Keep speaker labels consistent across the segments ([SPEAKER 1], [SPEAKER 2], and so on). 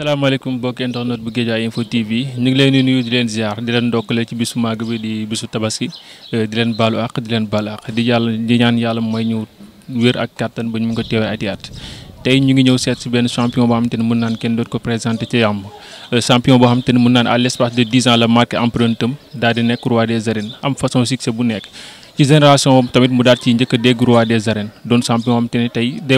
[SPEAKER 1] salaamaaleykum mbokki internet bu Guédiawaye Info TV ñu ngi leen di nuyu di leen ziar di leen ndokkale ci bisu màgg bi di bisu tabaski eh, di leen baalu àq di leen baalu di yàlla di ñaan yàlla mooy ñu wér ak kàttan ba ñu ko teewee ati at tey ñu ngi ñëw seet si benn champion boo xam te ne mën naan kenn doot ko présenté ci yàmb eh, champion boo xam te ne naan à l'espace de dix ans la marqué empreinte am daal di nekk roi des arènes am façon succès bu nekk. ci génération tamit mu daal ci njëkk a dégg roi des arènes doon te ne tey day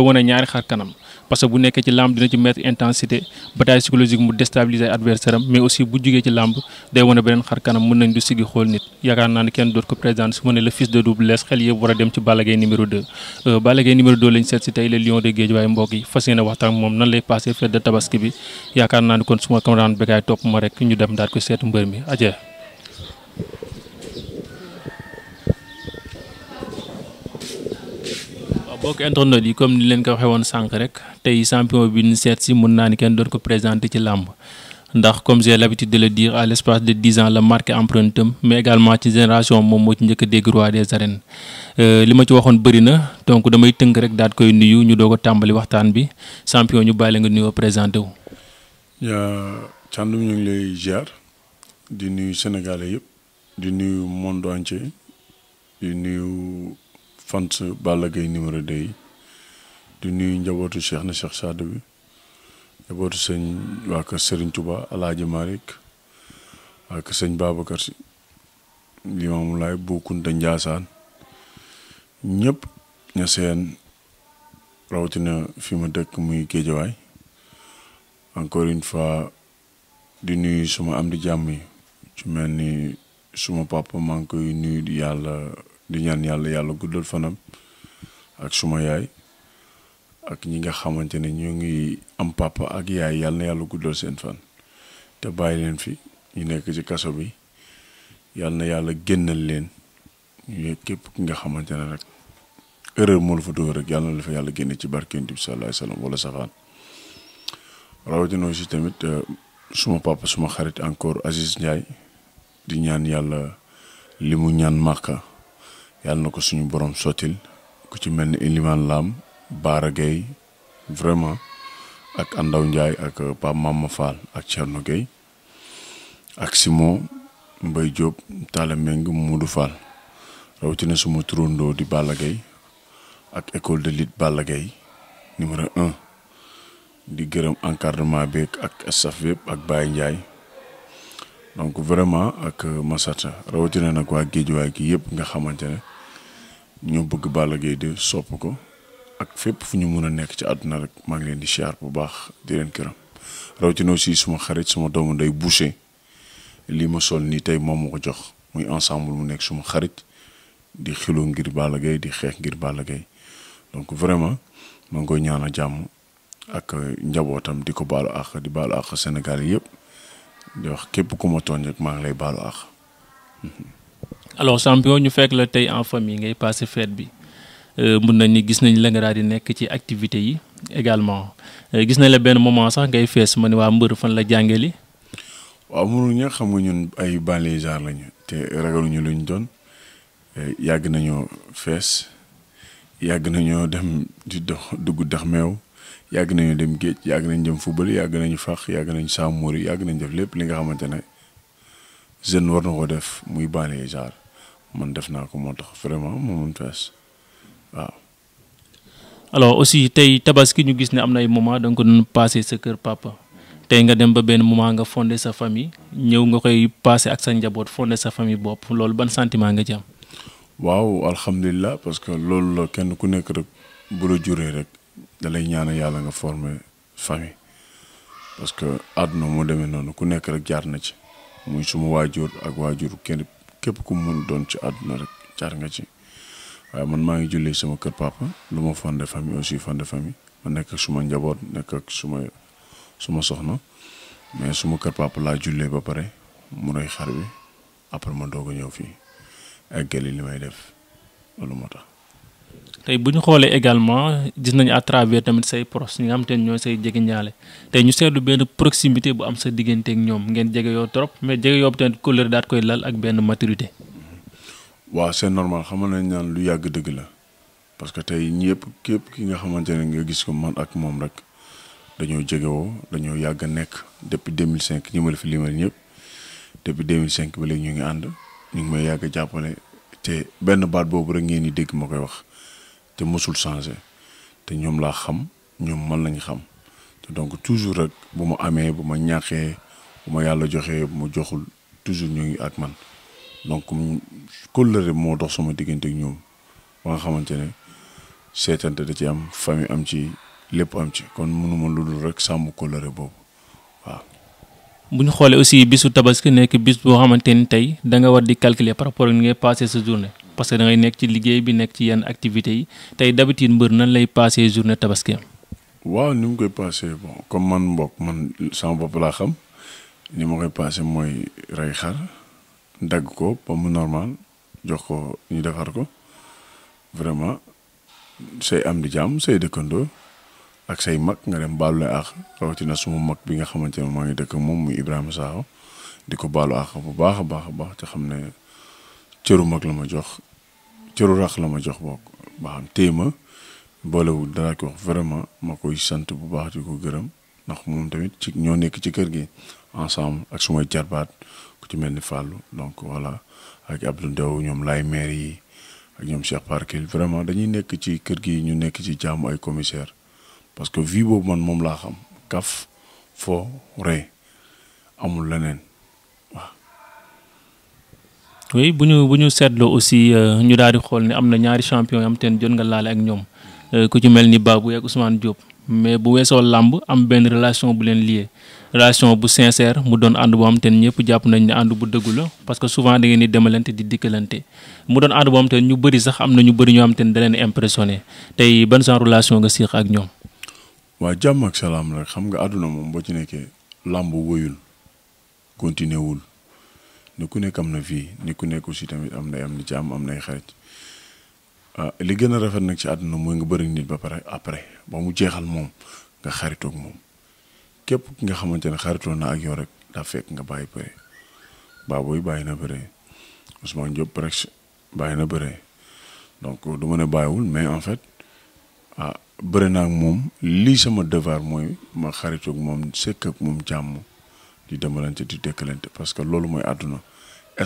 [SPEAKER 1] kanam. parce que bu nekkee ci làmb dina ci mettre intensité bataille psychologique mu déstabiliser adversaire am mais aussi bu jugee ci làmb day wane beneen xar kanam mën nañ du sigi xool nit yaakaar naa ne kenn doot ko président su ma ne le fils de Double xel yëpp war a dem ci Balla numéro 2 euh, Balla numéro 2 lañ seet si tey le lion de Guédiawaye mbokk yi fas yéene waxtaan moom nan lay passé fête de tabaski bi yaakaar naa ne kon suma camarade Bécaye topp mbokk internet yi comme ni leen ko waxee woon sànq rek tey champion bi ñu seet si mën naa ni kenn doon ko présenté ci làmb ndax comme j'ai l'habitude de le dire à l'espace de dix ans la marqué empreinte am mais également ci génération moom moo ci njëkk a dégg roi des euh, li ma ci waxoon bëri na donc damay tënk rek daal koy nuyu ñu doog ko tàmbali waxtaan bi champion ñu bàyyi nga nuyoo présenté wu.
[SPEAKER 2] Thiandoum ñu ngi lay ziar di nuyu Sénégalais yëpp di nuyu monde entier di nuyu. fans Balla Gaye numéro yi di nuyu njabootu Cheikh na Cheikh Saadu bi njabootu sëñ waa kër sëriñ Tuba Alaaji Malick waa kër sëñ Babacar Si Limaamu Laay Bukunta Njaasaan ñëpp ña seen rawatina fi ma dëkk muy géejawaay encore une fois di nuyu suma am di jàmm yi ci mel ni suma papa maa ngi koy nuyu yàlla di ñaan yàlla yàlla guddal fanam ak suma yaay ak ñi nga xamante ñu ngi am papa ak yaay yàlla na yàlla guddal seen fan te bàyyi leen fi ñu nekk ci kaso bi yàlla na yàlla génnal leen ñu képp ki nga xamante ne rek erreur mo la fa dóor rek yàlla na la fa yàlla génne ci barke sallallahu alayhi wasallam wala safaan rawatina aussi tamit euh, suma papa suma xarit encore Aziz Ndiaye di ñaan yàlla li ñaan màkka yàlla na ko suñu borom sottil ku ci mel ni Ilimane Lam Baara Gueye vraiment ak Andaw njaay ak Pape Mama Fall ak Thierno Gueye ak Simon Mbaye Diop Talla Meng Modou Fall rawatina suma turandoo di Balla Gaye ak école de lutte Balla Gaye numéro un di gërëm encardement beeg ak staff yëpp ak Baye Ndiaye donc vraiment ak Massata rawatina nag waa géejuwaay gi yëpp nga xamante ne ñoo bëgg bala Gaye 2 sopp ko ak fépp fu ñu mën a nekk ci àdduna rek maa ngi leen di siyaar bu baax di leen këram rawatina aussi suma xarit suma doomu nday Boucher lii ma sol nii tey moom ma ko jox muy ensemble mu nekk suma xarit di xiloo ngir bala Gaye di xeex ngir bala Gaye donc vraiment maa ngi ñaan a jàmm ak njabootam di ko baalu àq di baalu àq Sénégal yëpp di wax képp ku ma tooñ rek maa ngi lay baalu àq.
[SPEAKER 1] alors champion ñu fekk la tay en famille ngay passer fête bi euh mën nañu gis nañu la nga daal di nekk ci activité yi également euh, gis nañ la ben moment sax ngay fess mané wa mbeur fan la jangeli
[SPEAKER 2] wa mënu ñu xam nga ñun ay banlieusard lañu te
[SPEAKER 1] ñu luñ doon euh,
[SPEAKER 2] yag nañu fess yag nañu dem di dox dugg dox mew yag nañu dem geej yag nañu dem football yag nañu fakh yag nañu samouri yag nañu def lepp li nga xamantene jeune war na ko def muy banlieusard man def naa ko moo
[SPEAKER 1] tax vraiment mu mun fees waaw. alors aussi tey tabaski ñu gis ne am na ay moment da ko doon passé sa kër papa tey nga dem ba benn moment nga fondé sa famille ñëw nga koy passé ak sa njaboot fondé sa famille bopp loolu ban sentiment nga ci am.
[SPEAKER 2] waaw alhamdulilah parce que loolu la kenn ku nekk rek bu la juree rek da lay ñaan yàlla nga former famille parce que àdduna moo demee noonu ku nekk rek jaar na ci muy suma waajur ak waajur kenn. képp ku mun doon ci àdduna rek jaar nga ci waaye man maa ngi jullee sama kër papa lu ma fond de famille aussi fond de ma nekk ak suma njaboot nekk ak suma suma soxna mais suma kër papa laa jullee ba pare mu rey xar bi après ma doog a ñëw fii eggali li may def
[SPEAKER 1] loolu moo tax. tey bu ñu xoolee également gis nañu à travers tamit say proches ñi nga xam te ne ñooy say jege ñaale tey ñu seetlu benn proximité bu am sa diggante ak ñoom ngeen jege yoo trop mais jege yoo tamit couleur daat koy lal ak benn maturité.
[SPEAKER 2] waaw c'est normal xamal nañ naan lu yàgg dëgg la parce que tey ñëpp képp ki nga xamante ne nga gis ko man ak moom rek dañoo jegewoo dañoo yàgg nekk depuis 2005 ñi ma la fi limal ñëpp depuis cinq ba léegi ñu ngi ànd ñu ngi may yàgg a jàppale te benn baat boobu rek ngeen di dégg ma koy wax. te mosul changé te ñoom laa xam ñoom man lañ xam te donc toujours rek bu ma amee bu ma ñàkkee bu ma yàlla joxee bu ma joxul toujours ñu ngi ak man donc kóllëre moo dox sama diggante ak ñoom ba nga xamante ne seetante da ci am famille am ci lépp am ci kon mënuma lu dul rek sàmm kóllëre boobu waaw.
[SPEAKER 1] bu ñu xoolee aussi bisu tabaski nekk bis boo xamante ni tey da nga war di calculer par rapport ak ngay passé sa journée. parce que da ngay nekk ci liggéey bi nekk ci yenn activité yi tey d'habitude mbër nan lay passé journée tabaski
[SPEAKER 2] waaw ni mu koy passé bon comme man mbokk man sama bopp laa xam ni ma koy passé mooy rey xar dagg ko ba normal jox ko ñu defar ko vraiment say am di jàmm say dëkkandoo ak say mag nga dem baalu ak rawatina suma mag bi nga xamante ne maa ngi dëkk moom muy ibrahima saaxo di ko baalu ak bu baax a baax a baax te xam ne cëru mag la ma jox cëru rax la ma jox bokk baaxam téye ma boolewul dara ko wax vraiment ma koy sant bu baax di ko gërëm ndax moom tamit ci ñoo nekk ci kër gi ensemble ak sumay jarbaat ku ci mel ni fàllu donc voilà ak Abdou Ndaw ñoom lay maire yi ak ñoom Cheikh Parkil vraiment dañuy nekk ci kër gi ñu nekk ci jaamu ay commissaire parce que vie boobu man moom laa xam kaf fo rey amul leneen
[SPEAKER 1] oui bu ñu bu ñu seetloo aussi euh, ñu daal di xool ne am na ñaari champion yi am teen jot nga laale ak ñoom euh, ku ci mel ni Babou ak Ousmane Diop mais bu weesoo làmb am benn relation bu leen lié relation bu sincère mu doon ànd boo xam te ne ñëpp jàpp nañ ne ànd bu dëggu la parce que souvent da ngeen di demalante di dikkalante mu doon ànd boo xam te ñu bëri sax am na ñu bëri ñoo xam te ne da leen impressionné tey ban genre relation nga siix ak ñoom.
[SPEAKER 2] waaw jàmm ak salaam rek xam nga àdduna moom boo ci nekkee wul ni ku nekk am na vie ni ku nekk aussi tamit am na am ci am am nay xarit ah, li gën a rafet nag ci àdduna mooy nga bëri nit ba pare après ba mu jeexal moom nga xaritoog moom képp ki nga xamante ne xaritoo na ak yow rek daa fekk nga bàyyi bëre Baboy bàyyi na bëre Ousmane Diop presque bàyyi na bëre donc du ma ne bàyyiwul mais en fait ah bëri naa ak moom lii sama devoir mooy ma xaritoog moom sekk ak moom jàmm. di demalante di dëkkalante parce que loolu mooy àdduna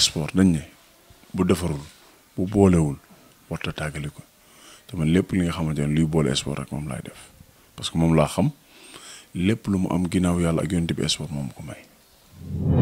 [SPEAKER 2] sport dañ ne bu defarul bu boolewul warta tàggali ko te man lépp li nga xamante ne luy boole sport rek moom laay def parce que moom laa xam lépp lu mu am ginnaaw yàlla ak yonent bi sport moom ko may.